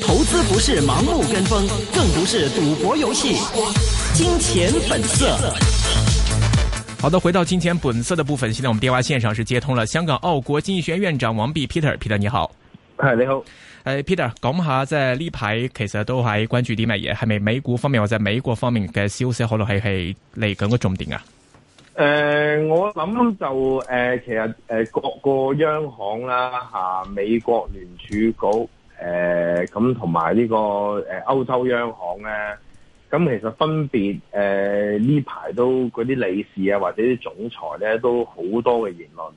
投資不是盲目跟風，更不是賭博遊戲。金錢本色。好的，回到金錢本色的部分。現在我們電話綫上是接通了香港奧國經濟學院院長王弼 Peter，Peter Peter, Peter, 你好。係你好。誒，Peter，講下即係呢排其實都喺關注啲乜嘢？係咪美股方面或在美國方面嘅消息，可能係係嚟緊嘅重點啊？誒、呃，我諗就誒、呃，其實誒、呃，各個央行啦，吓、啊、美國聯儲局，誒、呃，咁同埋呢個誒歐、呃、洲央行咧，咁、嗯、其實分別誒呢排都嗰啲理事啊，或者啲總裁咧，都好多嘅言論。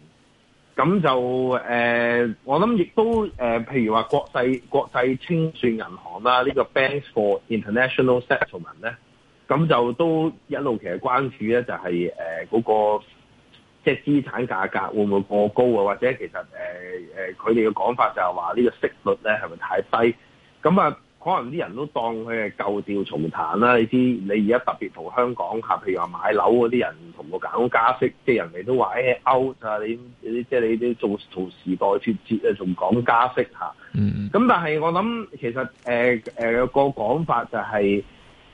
咁就誒、呃，我諗亦都誒、呃，譬如話國際國際清算銀行啦，呢、這個 Banks for International Settlement 咧。咁就都一路其實關注咧、就係呃嗰個，就係誒嗰個即係資產價格會唔會過高啊？或者其實誒誒佢哋嘅講法就係話呢個息率咧係咪太低？咁啊，可能啲人都當佢係舊調重彈啦。你知你而家特別同香港嚇，譬如話買樓嗰啲人同我講加息，即係人哋都話 out、欸、啊，你你即係你啲做同時代脫節啊，仲講加息嚇。嗯。咁但係我諗其實誒有、呃呃嗰個講法就係、係。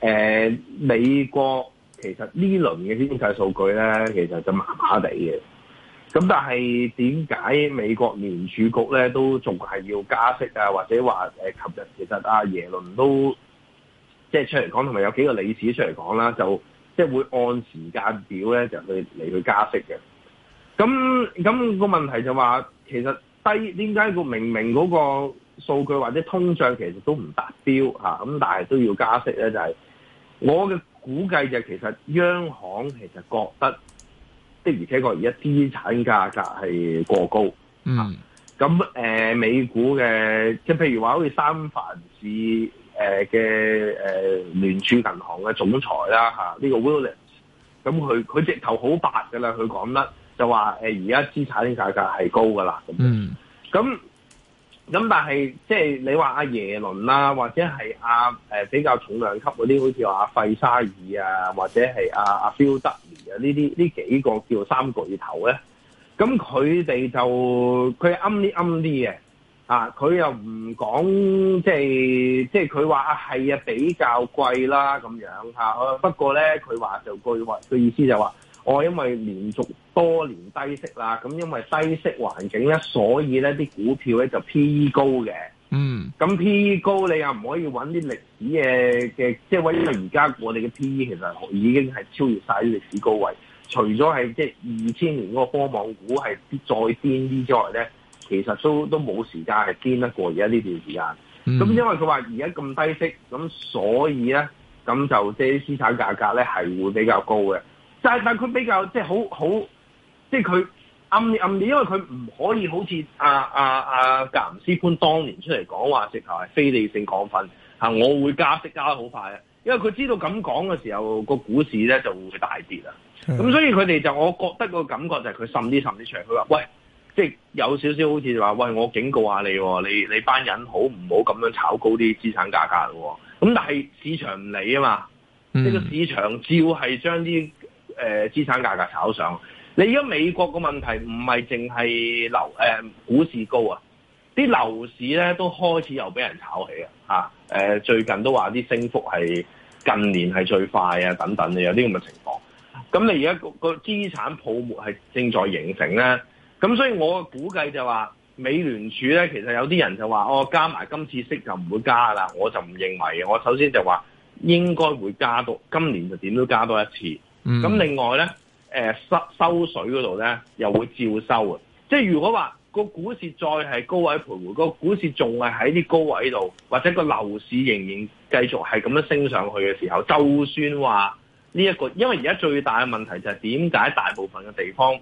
誒、呃、美國其實呢輪嘅經濟數據咧，其實就麻麻地嘅。咁但係點解美國聯儲局咧都仲係要加息啊？或者話誒，琴、呃、日其實阿、啊、耶倫都即係、就是、出嚟講，同埋有幾個理事出嚟講啦，就即係、就是、會按時間表咧就去嚟去加息嘅。咁咁、那個問題就話，其實低點解個明明嗰個數據或者通脹其實都唔達標咁、啊、但係都要加息咧，就係、是。我嘅估計就係其實央行其實覺得，的而且確而家資產價格係過高。Mm. 啊、嗯，咁誒美股嘅即係譬如話好似三藩市誒嘅誒聯儲銀行嘅總裁啦嚇呢個 Williams，咁佢佢直頭好白噶啦，佢講得就話誒而家資產價格係高噶啦咁樣。咁、嗯 mm. 嗯咁但係即係你話阿耶倫啦、啊，或者係阿、啊呃、比較重量級嗰啲，好似話阿費沙爾啊，或者係阿阿 e 德尼啊呢啲呢幾個叫三巨頭咧。咁佢哋就佢啱啲啱啲嘅啊，佢又唔講即係即係佢話係啊比較貴啦咁樣嚇。不過咧佢話就句話，佢意思就話。我、哦、因為連續多年低息啦，咁因為低息環境呢，所以咧啲股票咧就 P E 高嘅。嗯，咁 P E 高你又唔可以揾啲歷史嘅嘅，即係因為而家我哋嘅 P E 其實已經係超越晒啲歷史高位，除咗係即係二千年嗰個科網股係再癲啲之外咧，其實都都冇時間係癲得過而家呢段時間。咁、嗯、因為佢話而家咁低息，咁所以咧咁就即係啲資產價格咧係會比較高嘅。但係，但佢比較即係好好，即係佢暗啲暗啲，因為佢唔可以好似阿阿阿格林斯潘當年出嚟講話，即係非理性亢奮嚇，我會加息加得好快嘅，因為佢知道咁講嘅時候個股市咧就會大跌啊。咁所以佢哋就我覺得個感覺就係佢滲啲滲啲出嚟，佢話喂，即係有少少好似話喂，我警告下你、哦，你你班人好唔好咁樣炒高啲資產價格喎、哦？咁但係市場唔理啊嘛，呢、嗯這個市場照係將啲。誒資產價格炒上，你而家美國個問題唔係淨係樓，誒股市高啊，啲樓市咧都開始又俾人炒起啊、呃，最近都話啲升幅係近年係最快啊，等等嘅有啲咁嘅情況。咁你而家、個個資產泡沫係正在形成咧，咁所以我估計就話美聯儲咧，其實有啲人就話哦加埋今次息就唔會加噶啦，我就唔認為嘅。我首先就話應該會加多，今年就點都加多一次。咁、嗯、另外咧、呃，收收水嗰度咧，又會照收嘅。即係如果話個股市再係高位徘徊，個股市仲係喺啲高位度，或者個樓市仍然繼續係咁樣升上去嘅時候，就算話呢一個，因為而家最大嘅問題就係點解大部分嘅地方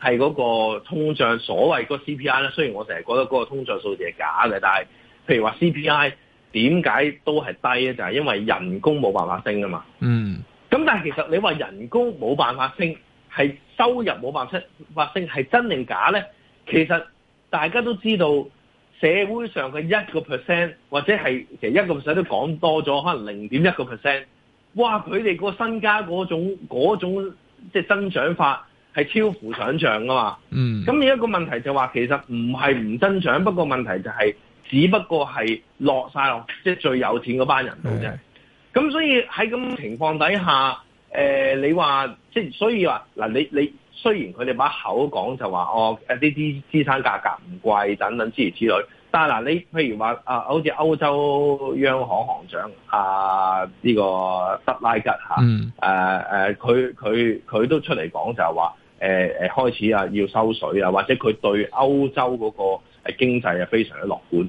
係嗰個通脹所謂個 CPI 咧。雖然我成日覺得嗰個通脹數字係假嘅，但係譬如話 CPI 點解都係低咧，就係、是、因為人工冇辦法升啊嘛。嗯。咁但係其實你話人工冇辦法升，係收入冇辦法升，係真定假咧？其實大家都知道社會上嘅一個 percent，或者係其實一個 percent 都講多咗，可能零點一個 percent，哇！佢哋個身家嗰種嗰種，嗰種即係增長法係超乎想象㗎嘛。嗯。咁另一個問題就話其實唔係唔增長，不過問題就係、是、只不過係落曬落，即係最有錢嗰班人度啫。咁所以喺咁情況底下，誒、呃、你話即係所以話嗱，你你雖然佢哋把口講就話哦誒呢啲資產價格唔貴等等之類之類，但係嗱你譬如話啊，好似歐洲央行行長啊呢個德拉吉嚇，誒佢佢佢都出嚟講就係話誒、呃、開始啊要收水啊，或者佢對歐洲嗰個經濟啊非常之樂觀。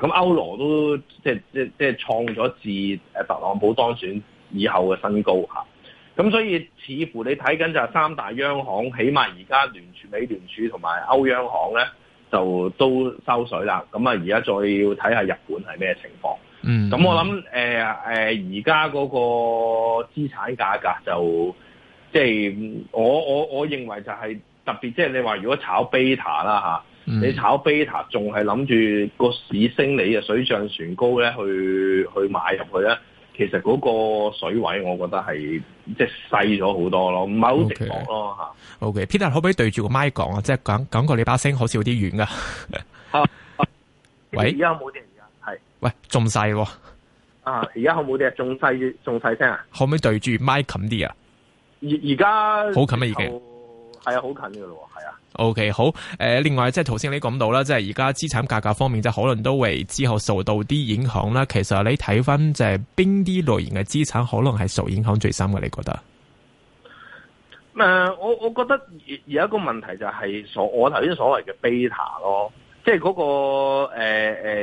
咁、啊、歐羅都即係即係即係創咗自特朗普當選以後嘅新高。咁、啊、所以似乎你睇緊就係三大央行，起碼而家聯儲、美聯儲同埋歐央行咧就都收水啦。咁啊，而家再要睇下日本係咩情況。嗯，嗯，嗯、啊，咁我諗誒、誒、而家嗰個資產價格就即係、就是、我我我認為就係特別，即、就、係、是、你話如果炒 Beta 啦、啊嗯、你炒 beta 仲係諗住個市升你嘅水漲船高咧去去買入去咧，其實嗰個水位我覺得係即係細咗好多咯，唔係好直落咯吓。OK，okay，Peter，可唔可以對住個麥講啊？即係講講句你把聲好似有啲遠噶。喂，而家冇嘢，係喂，仲細喎。啊，而家好冇嘢，仲細，仲細聲啊？可唔可以對住麥近啲啊？而而家好近啊，已經。係啊，好近噶咯，係啊。OK，好。誒、呃，另外即係頭先你講到啦，即係而家資產價格方面，即係可能都會之後受到啲影響啦。其實你睇翻即係邊啲類型嘅資產，可能係受影響最深嘅，你覺得？誒、呃，我我覺得有一個問題就係、是、所我頭先所謂嘅 beta 咯，即係嗰、那個誒誒、呃呃，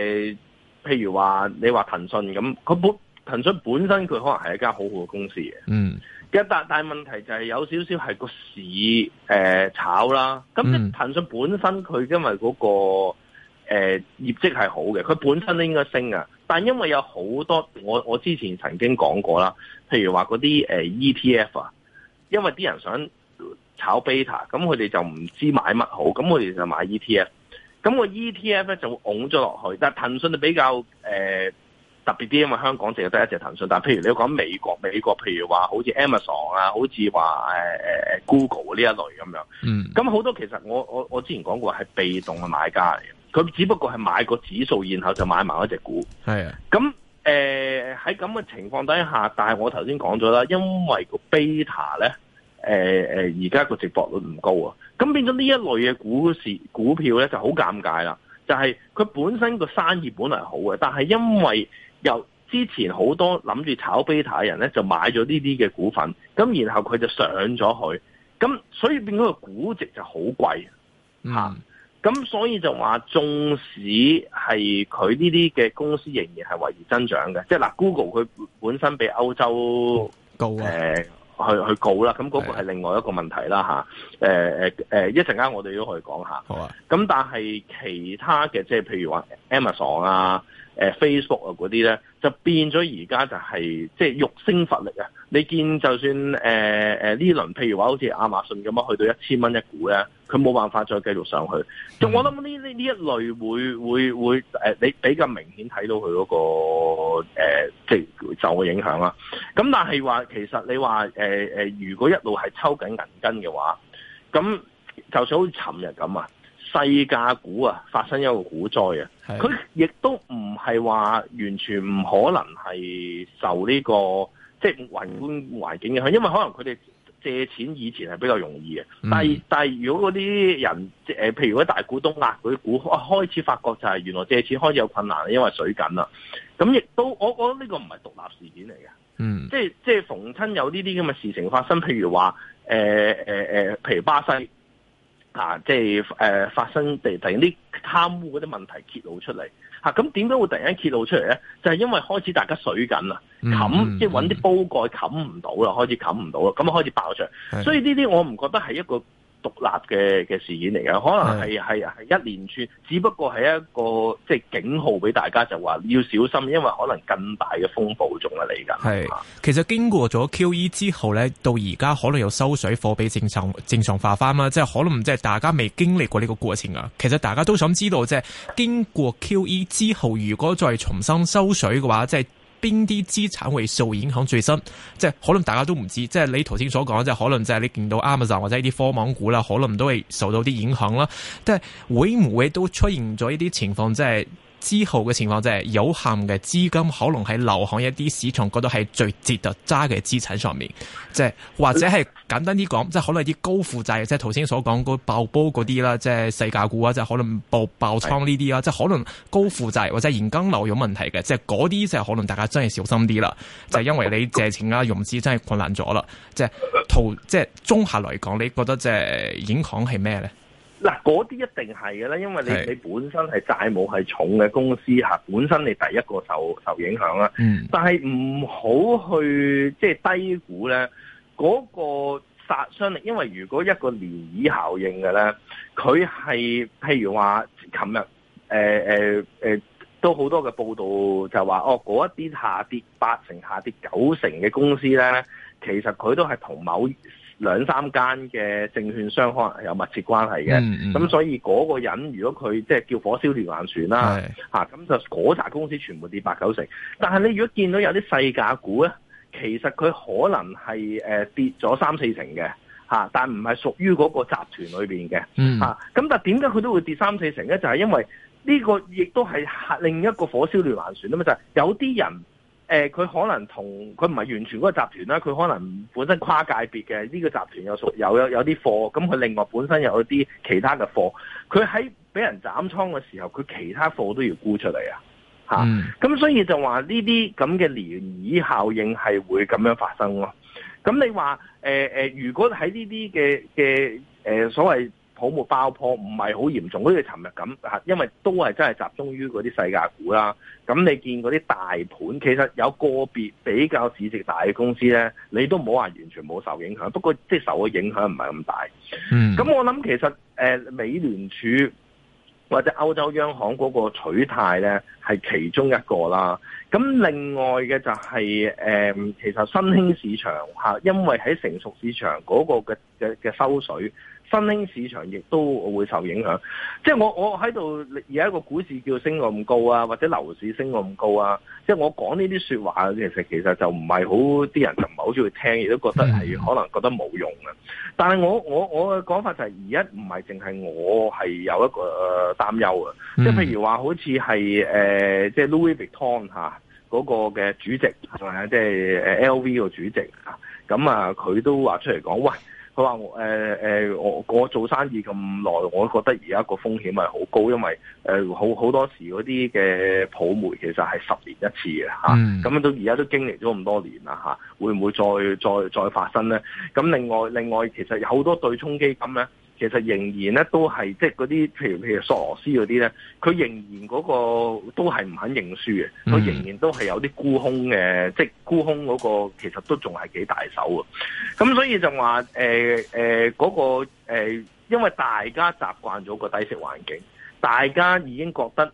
譬如話你話騰訊咁，佢本騰訊本身佢可能係一間好好嘅公司嘅，嗯。但但問題就係有少少係個市、呃、炒啦，咁即係騰訊本身佢因為嗰、個誒、呃、業績係好嘅，佢本身都應該升嘅，但係因為有好多我我之前曾經講過啦，譬如話嗰啲 ETF 啊，因為啲人想炒 beta，咁佢哋就唔知買乜好，咁佢哋就買 ETF，咁個 ETF 咧就拱咗落去，但係騰訊比較誒。呃特別啲，因為香港淨係得一隻騰訊。但係，譬如你講美國，美國譬如話好似 Amazon 啊，好似話誒 Google 呢一類咁樣。嗯，咁好多其實我我我之前講過係被動嘅買家嚟嘅，佢只不過係買個指數，然後就買埋嗰隻股。係啊，咁誒喺咁嘅情況底下，但係我頭先講咗啦，因為個 beta 咧，誒誒而家個值博率唔高啊，咁變咗呢一類嘅股市股票咧就好尷尬啦。就係佢、就是、本身個生意本來好嘅，但係因為由之前好多諗住炒 beta 嘅人咧，就買咗呢啲嘅股份，咁然後佢就上咗去，咁所以變咗個估值就好貴啊！咁、嗯、所以就話，縱使係佢呢啲嘅公司仍然係維持增長嘅，即係嗱，Google 佢本身比歐洲高、啊呃、去去告啦，咁嗰個係另外一個問題啦、啊、一陣間我哋都可以講下，好啊，咁但係其他嘅，即係譬如話 Amazon 啊。誒 Facebook 啊嗰啲咧，就變咗而家就係即係欲升乏力啊！你見就算誒誒呢輪，譬如話好似亞馬遜咁樣，去到一千蚊一股咧，佢冇辦法再繼續上去。仲我諗呢呢呢一類會會會誒、呃，你比較明顯睇到佢嗰、嗰個即係受嘅影響啦。咁但係話其實你話誒誒，如果一路係抽緊銀根嘅話，咁就算好似尋日咁啊。細價股啊，發生一個股災啊，佢亦都唔係話完全唔可能係受呢、呢個即係宏觀環境影響，因為可能佢哋借錢以前係比較容易嘅、嗯，但係但係如果嗰啲人係、呃、譬如嗰啲大股東壓佢股，開始發覺就係原來借錢開始有困難，因為水緊啦。咁亦都我覺得呢個唔係獨立事件嚟嘅，嗯即，即係即係逢親有呢啲咁嘅事情發生，譬如話誒誒譬如巴西。啊！即係誒、呃、發生地突然啲貪污嗰啲問題揭露出嚟，吓，咁點解會突然間揭露出嚟咧？就係、是、因為開始大家水緊啦，冚即係揾啲煲蓋冚唔到啦，開始冚唔到啦，咁啊開始爆出嚟。所以呢啲我唔覺得係一個。獨立嘅嘅事件嚟嘅，可能係係係一連串，只不過係一個即係警號俾大家就話要小心，因為可能更大嘅風暴仲嚟緊。係其實經過咗 QE 之後咧，到而家可能又收水，貨幣政策正常化翻啦，即係可能即係大家未經歷過呢個過程啊。其實大家都想知道即係經過 QE 之後，如果再重新收水嘅話，即係。邊啲資產會受影響最深？即係可能大家都唔知，即係你頭先所講，即係可能即係你見到 Amazon 或者呢啲科網股啦，可能都會受到啲影響囉。但係會唔會都出現咗呢啲情況？即係。之後嘅情況就係有限嘅資金可能喺流向一啲市場嗰度，係最值得揸嘅資產上面，即係或者係簡單啲講，即係可能啲高負債，即係頭先所講嗰爆煲嗰啲啦，即係細價股啊，即係可能爆爆倉呢啲啦，即係可能高負債或者現金流有問題嘅，即係嗰啲就，就可能大家真係小心啲啦，就因為你借錢啊融資真係困難咗啦，即係套即係綜合嚟講，你覺得即係影響係咩咧？嗱，嗰啲一定係嘅咧，因為你你本身係債務係重嘅公司吓，本身你第一個受受影響啦。嗯，但係唔好去即係、就是、低估咧嗰、那個殺傷力，因為如果一個漣漪效應嘅咧，佢係譬如話琴日誒誒誒都好多嘅報道就話哦，嗰一啲下跌八成下跌九成嘅公司咧，其實佢都係同某兩三間嘅證券商可能係有密切關係嘅，咁、嗯嗯、所以嗰個人如果佢即係叫火燒連環船啦，嚇咁、啊、就嗰紮公司全部跌八九成。但係你如果見到有啲細價股咧，其實佢可能係誒、呃、跌咗三四成嘅嚇、啊，但唔係屬於嗰個集團裏邊嘅嚇。咁、嗯啊、但點解佢都會跌三四成咧？就係、是、因為呢個亦都係另一個火燒連環船啊嘛，就係、是、有啲人。誒、呃、佢可能同佢唔係完全嗰個集團啦，佢可能本身跨界別嘅呢、呢個集團有屬有有啲貨，咁佢另外本身有啲其他嘅貨，佢喺俾人斬倉嘅時候，佢其他貨都要沽出嚟、嗯、啊！嚇，咁所以就話呢啲咁嘅漣漪效應係會咁樣發生咯。咁你話誒誒，如果喺呢啲嘅嘅誒所謂泡沫爆破唔係好嚴重，好似尋日咁吓，因為都係真係集中於嗰啲世界股啦。咁你見嗰啲大盤，其實有個別比較市值大嘅公司咧，你都冇話話完全冇受影響，不過即係受嘅影響唔係咁大。嗯，咁我諗其實誒美聯儲或者歐洲央行嗰個取態咧，係其中一個啦。咁另外嘅就係、是、誒其實新興市場吓，因為喺成熟市場嗰個嘅嘅嘅收水。新興市場亦都會受影響，即係我我喺度而家個股市叫升咁高啊，或者樓市升咁高啊，即係我講呢啲說話，其實其實就唔係好啲人就唔係好中意聽，亦都覺得係可能覺得冇用嘅。但係我我我嘅講法就係、是，而家唔係淨係我係有一個擔憂、嗯呃、啊，即係譬如話好似係誒即係 Louis Vuitton 吓嗰個嘅主席係、就是、啊，即係 LV 個主席啊，咁啊佢都話出嚟講喂。佢話、呃呃：我誒我我做生意咁耐，我都覺得而家個風險係好高，因為誒、呃、好好多時嗰啲嘅泡沫其實係十年一次嘅嚇，咁樣到而家都經歷咗咁多年啦嚇、啊，會唔會再再再發生咧？咁另外另外，另外其實有好多對沖基金咧。其實仍然咧都係即係嗰啲，譬如譬如索羅斯嗰啲咧，佢仍然嗰個都係唔肯認輸嘅，佢仍然都係有啲沽空嘅，即係沽空嗰個其實都仲係幾大手啊！咁所以就話誒誒嗰個誒，因為大家習慣咗個低息環境，大家已經覺得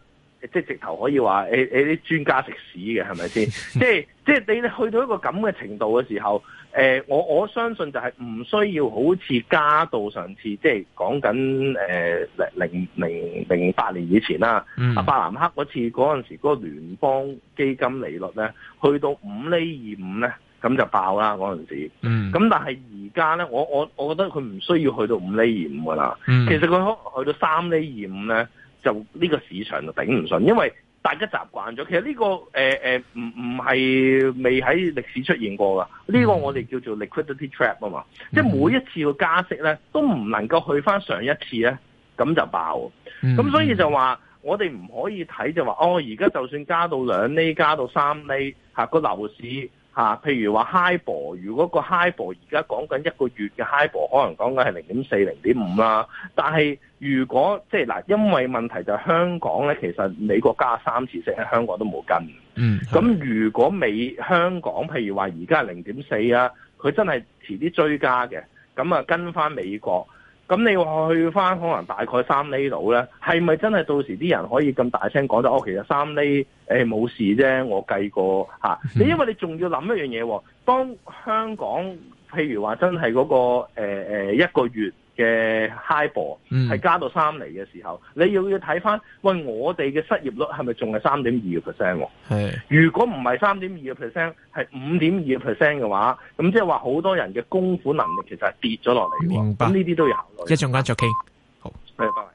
即係直頭可以話誒誒啲專家食屎嘅係咪先？即係即係你去到一個咁嘅程度嘅時候。誒、呃，我我相信就係唔需要好似加到上次，即係講緊誒零零零零,零,零八年以前啦。嗯。啊，伯南克嗰次嗰陣時，嗰個聯邦基金利率咧，去到五厘二五咧，咁就爆啦嗰陣時。嗯。咁但係而家咧，我我我覺得佢唔需要去到五厘二五噶啦。其實佢可去到三厘二五咧，就呢個市場就頂唔順，因為。大家習慣咗，其實呢、這個誒誒唔唔係未喺歷史出現過㗎，呢、這個我哋叫做 liquidity trap 啊、嗯、嘛，即係每一次個加息咧都唔能夠去返上一次咧，咁就爆。咁、嗯、所以就話我哋唔可以睇就話哦，而家就算加到兩厘，加到三厘，吓個樓市。嚇、啊，譬如話 HIBOR，如果個 HIBOR 而家講緊一個月嘅 HIBOR，可能講緊係零點四、零點五啦。但係如果即係嗱，因為問題就係香港咧，其實美國加了三次息，喺香港都冇跟。嗯。咁如果美香港譬如話而家零點四啊，佢真係遲啲追加嘅，咁啊跟返美國，咁你話去返可能大概三厘度咧，係咪真係到時啲人可以咁大聲講就哦，其實三厘？誒、哎、冇事啫，我計過吓，你、啊嗯、因為你仲要諗一樣嘢，當香港譬如話真係嗰、那個誒誒、呃、一個月嘅 HIBOR 係加到三厘嘅時候，嗯、你要要睇翻，喂、呃、我哋嘅失業率係咪仲係三點二個 percent？係如果唔係三點二個 percent，係五點二個 percent 嘅話，咁即係話好多人嘅供款能力其實係跌咗落嚟。明白。咁呢啲都要考慮。一仲關注 K，好，拜拜。Bye.